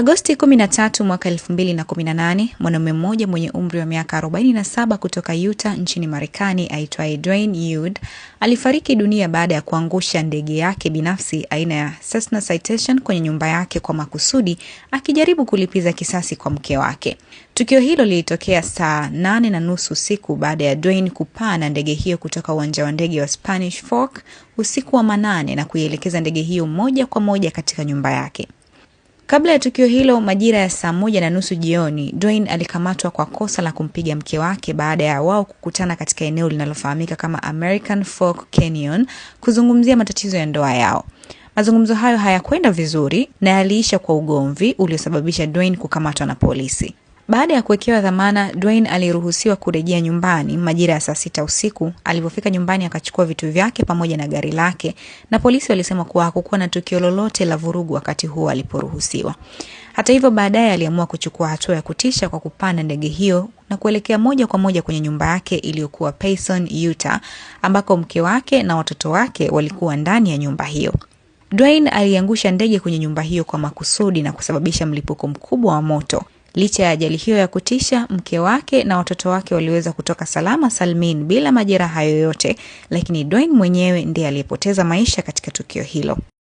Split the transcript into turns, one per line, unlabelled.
Agosti 13 mwaka 2018, mwanaume mmoja mwenye umri wa miaka 47 kutoka Utah nchini Marekani aitwaye Dwayne Yude alifariki dunia baada ya kuangusha ndege yake binafsi aina ya Cessna Citation kwenye nyumba yake kwa makusudi akijaribu kulipiza kisasi kwa mke wake. Tukio hilo lilitokea saa nane na nusu usiku baada ya Dwayne kupaa na ndege hiyo kutoka uwanja wa ndege wa Spanish Fork usiku wa manane na kuielekeza ndege hiyo moja kwa moja katika nyumba yake. Kabla ya tukio hilo, majira ya saa moja na nusu jioni, Dwayne alikamatwa kwa kosa la kumpiga mke wake baada ya wao kukutana katika eneo linalofahamika kama American Fork Canyon kuzungumzia matatizo ya ndoa yao. Mazungumzo hayo hayakwenda vizuri na yaliisha kwa ugomvi uliosababisha Dwayne kukamatwa na polisi. Baada ya kuwekewa dhamana, Dwayne aliruhusiwa kurejea nyumbani majira ya saa sita usiku. Alipofika nyumbani, akachukua vitu vyake pamoja na gari lake, na polisi walisema kuwa hakukuwa na tukio lolote la vurugu wakati huo aliporuhusiwa. Hata hivyo, baadaye aliamua kuchukua hatua ya kutisha kwa kupanda ndege hiyo na kuelekea moja kwa moja kwenye nyumba yake iliyokuwa Payson, Utah, ambako mke wake na watoto wake walikuwa ndani ya nyumba hiyo. Dwayne aliangusha ndege kwenye nyumba hiyo kwa makusudi na kusababisha mlipuko mkubwa wa moto. Licha ya ajali hiyo ya kutisha, mke wake na watoto wake waliweza kutoka salama salmin bila majeraha yoyote, lakini Dwayne mwenyewe ndiye aliyepoteza maisha katika tukio hilo.